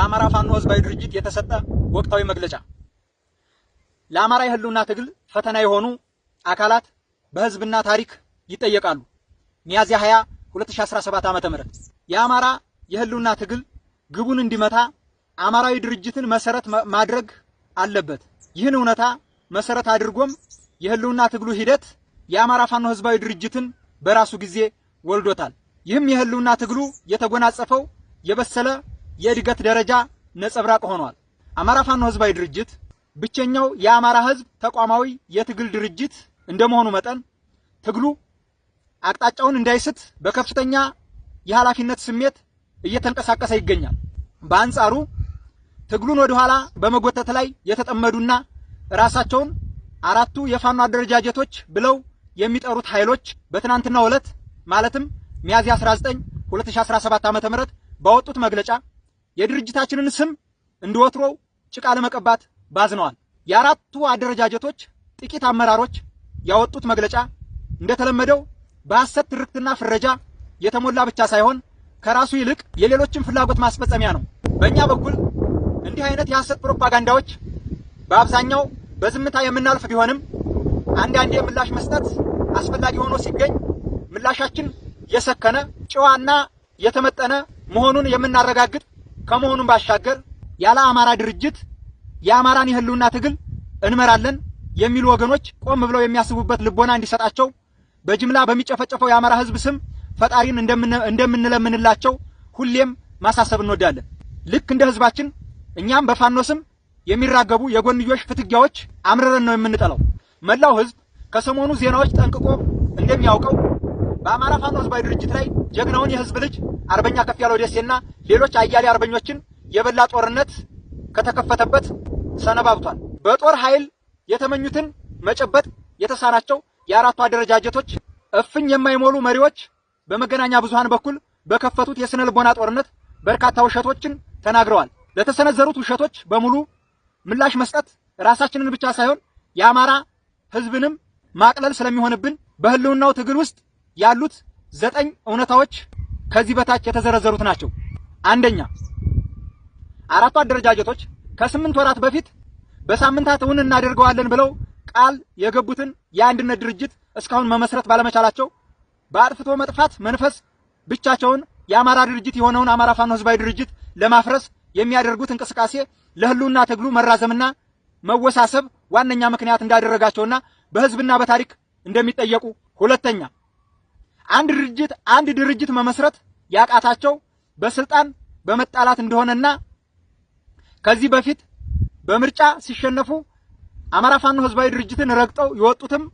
ከአማራ ፋኖ ህዝባዊ ድርጅት የተሰጠ ወቅታዊ መግለጫ ለአማራ የህልውና ትግል ፈተና የሆኑ አካላት በህዝብና ታሪክ ይጠየቃሉ። ሚያዝያ 20 2017 ዓ.ም ም የአማራ የህልውና ትግል ግቡን እንዲመታ አማራዊ ድርጅትን መሰረት ማድረግ አለበት። ይህን እውነታ መሰረት አድርጎም የህልውና ትግሉ ሂደት የአማራ ፋኖ ህዝባዊ ድርጅትን በራሱ ጊዜ ወልዶታል። ይህም የህልውና ትግሉ የተጎናጸፈው የበሰለ የእድገት ደረጃ ነጸብራቅ ሆኗል። አማራ ፋኖ ህዝባዊ ድርጅት ብቸኛው የአማራ ህዝብ ተቋማዊ የትግል ድርጅት እንደመሆኑ መጠን ትግሉ አቅጣጫውን እንዳይስት በከፍተኛ የኃላፊነት ስሜት እየተንቀሳቀሰ ይገኛል። በአንጻሩ ትግሉን ወደ ኋላ በመጎተት ላይ የተጠመዱና ራሳቸውን አራቱ የፋኖ አደረጃጀቶች ብለው የሚጠሩት ኃይሎች በትናንትናው ዕለት ማለትም ሚያዝያ 19 2017 ዓ.ም ባወጡት መግለጫ የድርጅታችንን ስም እንደወትሮው ጭቃ ለመቀባት ባዝነዋል። የአራቱ አደረጃጀቶች ጥቂት አመራሮች ያወጡት መግለጫ እንደተለመደው በሐሰት ትርክትና ፍረጃ የተሞላ ብቻ ሳይሆን ከራሱ ይልቅ የሌሎችን ፍላጎት ማስፈጸሚያ ነው። በእኛ በኩል እንዲህ አይነት የሐሰት ፕሮፓጋንዳዎች በአብዛኛው በዝምታ የምናልፍ ቢሆንም አንዳንዴ ምላሽ መስጠት አስፈላጊ ሆኖ ሲገኝ ምላሻችን የሰከነ ጨዋና የተመጠነ መሆኑን የምናረጋግጥ ከመሆኑም ባሻገር ያለ አማራ ድርጅት የአማራን የህልውና ትግል እንመራለን የሚሉ ወገኖች ቆም ብለው የሚያስቡበት ልቦና እንዲሰጣቸው በጅምላ በሚጨፈጨፈው የአማራ ህዝብ ስም ፈጣሪን እንደምንለምንላቸው ሁሌም ማሳሰብ እንወዳለን። ልክ እንደ ህዝባችን እኛም በፋኖ ስም የሚራገቡ የጎንዮሽ ፍትጊያዎች አምርረን ነው የምንጠላው። መላው ህዝብ ከሰሞኑ ዜናዎች ጠንቅቆ እንደሚያውቀው በአማራ ፋኖ ህዝባዊ ድርጅት ላይ ጀግናውን የህዝብ ልጅ አርበኛ ከፍ ያለው ደሴና ሌሎች አያሌ አርበኞችን የበላ ጦርነት ከተከፈተበት ሰነባብቷል። በጦር ኃይል የተመኙትን መጨበጥ የተሳናቸው የአራቱ አደረጃጀቶች እፍኝ የማይሞሉ መሪዎች በመገናኛ ብዙሃን በኩል በከፈቱት የስነ ልቦና ጦርነት በርካታ ውሸቶችን ተናግረዋል። ለተሰነዘሩት ውሸቶች በሙሉ ምላሽ መስጠት ራሳችንን ብቻ ሳይሆን የአማራ ህዝብንም ማቅለል ስለሚሆንብን በህልውናው ትግል ውስጥ ያሉት ዘጠኝ እውነታዎች ከዚህ በታች የተዘረዘሩት ናቸው። አንደኛ፣ አራቱ አደረጃጀቶች ከስምንት ወራት በፊት በሳምንታት እውን እናደርገዋለን ብለው ቃል የገቡትን የአንድነት ድርጅት እስካሁን መመስረት ባለመቻላቸው በአጥፍቶ መጥፋት መንፈስ ብቻቸውን የአማራ ድርጅት የሆነውን አማራ ፋኖ ህዝባዊ ድርጅት ለማፍረስ የሚያደርጉት እንቅስቃሴ ለህልውና ትግሉ መራዘምና መወሳሰብ ዋነኛ ምክንያት እንዳደረጋቸውና በህዝብና በታሪክ እንደሚጠየቁ ሁለተኛ አንድ ድርጅት አንድ ድርጅት መመስረት ያቃታቸው በስልጣን በመጣላት እንደሆነና ከዚህ በፊት በምርጫ ሲሸነፉ አማራ ፋኖ ህዝባዊ ድርጅትን ረግጠው የወጡትም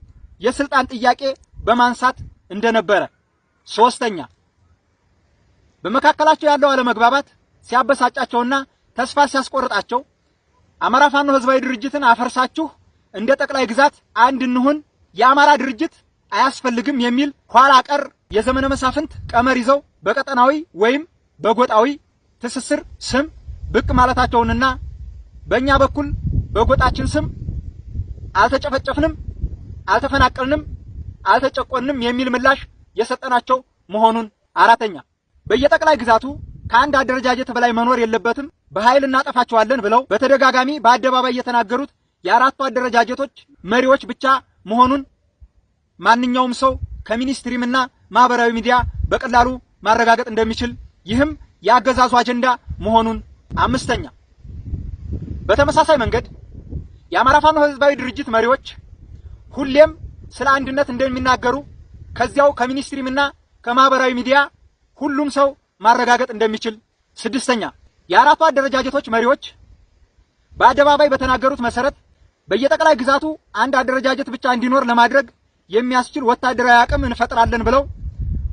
የስልጣን ጥያቄ በማንሳት እንደነበረ። ሶስተኛ በመካከላቸው ያለው አለመግባባት ሲያበሳጫቸውና ተስፋ ሲያስቆርጣቸው አማራ ፋኖ ህዝባዊ ድርጅትን አፈርሳችሁ እንደ ጠቅላይ ግዛት አንድ እንሁን የአማራ ድርጅት አያስፈልግም የሚል ኋላ ቀር የዘመነ መሳፍንት ቀመር ይዘው በቀጠናዊ ወይም በጎጣዊ ትስስር ስም ብቅ ማለታቸውንና በእኛ በኩል በጎጣችን ስም አልተጨፈጨፍንም፣ አልተፈናቀልንም፣ አልተጨቆንም የሚል ምላሽ የሰጠናቸው መሆኑን። አራተኛ በየጠቅላይ ግዛቱ ከአንድ አደረጃጀት በላይ መኖር የለበትም፣ በኃይል እናጠፋቸዋለን ብለው በተደጋጋሚ በአደባባይ የተናገሩት የአራቱ አደረጃጀቶች መሪዎች ብቻ መሆኑን ማንኛውም ሰው ከሚኒስትሪምና ማህበራዊ ሚዲያ በቀላሉ ማረጋገጥ እንደሚችል ይህም የአገዛዙ አጀንዳ መሆኑን። አምስተኛ በተመሳሳይ መንገድ የአማራ ፋኖ ህዝባዊ ድርጅት መሪዎች ሁሌም ስለ አንድነት እንደሚናገሩ ከዚያው ከሚኒስትሪምና ከማህበራዊ ሚዲያ ሁሉም ሰው ማረጋገጥ እንደሚችል። ስድስተኛ የአራቱ አደረጃጀቶች መሪዎች በአደባባይ በተናገሩት መሰረት በየጠቅላይ ግዛቱ አንድ አደረጃጀት ብቻ እንዲኖር ለማድረግ የሚያስችል ወታደራዊ አቅም እንፈጥራለን ብለው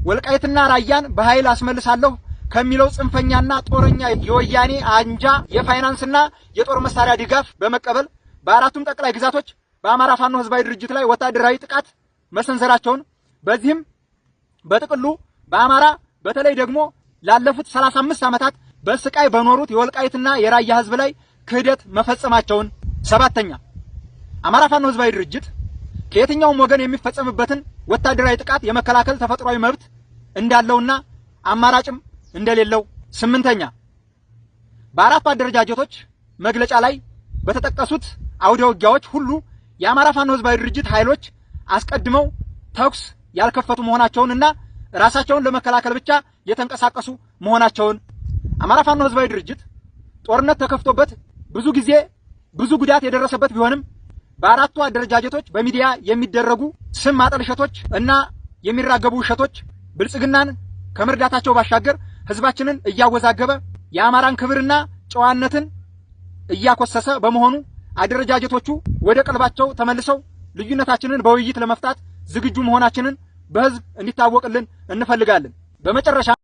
ወልቃይትና ራያን በኃይል አስመልሳለሁ ከሚለው ጽንፈኛና ጦረኛ የወያኔ አንጃ የፋይናንስና የጦር መሳሪያ ድጋፍ በመቀበል በአራቱም ጠቅላይ ግዛቶች በአማራ ፋኖ ህዝባዊ ድርጅት ላይ ወታደራዊ ጥቃት መሰንዘራቸውን በዚህም በጥቅሉ በአማራ በተለይ ደግሞ ላለፉት 35 ዓመታት በስቃይ በኖሩት የወልቃይትና የራያ ህዝብ ላይ ክህደት መፈጸማቸውን። ሰባተኛ አማራ ፋኖ ህዝባዊ ድርጅት ከየትኛውም ወገን የሚፈጸምበትን ወታደራዊ ጥቃት የመከላከል ተፈጥሯዊ መብት እንዳለውና አማራጭም እንደሌለው። ስምንተኛ በአራቱ አደረጃጀቶች መግለጫ ላይ በተጠቀሱት አውደ ውጊያዎች ሁሉ የአማራ ፋኖ ህዝባዊ ድርጅት ኃይሎች አስቀድመው ተኩስ ያልከፈቱ መሆናቸውንና ራሳቸውን ለመከላከል ብቻ የተንቀሳቀሱ መሆናቸውን አማራ ፋኖ ህዝባዊ ድርጅት ጦርነት ተከፍቶበት ብዙ ጊዜ ብዙ ጉዳት የደረሰበት ቢሆንም በአራቱ አደረጃጀቶች በሚዲያ የሚደረጉ ስም ማጠልሸቶች እና የሚራገቡ ውሸቶች ብልጽግናን ከመርዳታቸው ባሻገር ህዝባችንን እያወዛገበ የአማራን ክብርና ጨዋነትን እያኮሰሰ በመሆኑ አደረጃጀቶቹ ወደ ቀልባቸው ተመልሰው ልዩነታችንን በውይይት ለመፍታት ዝግጁ መሆናችንን በህዝብ እንዲታወቅልን እንፈልጋለን። በመጨረሻ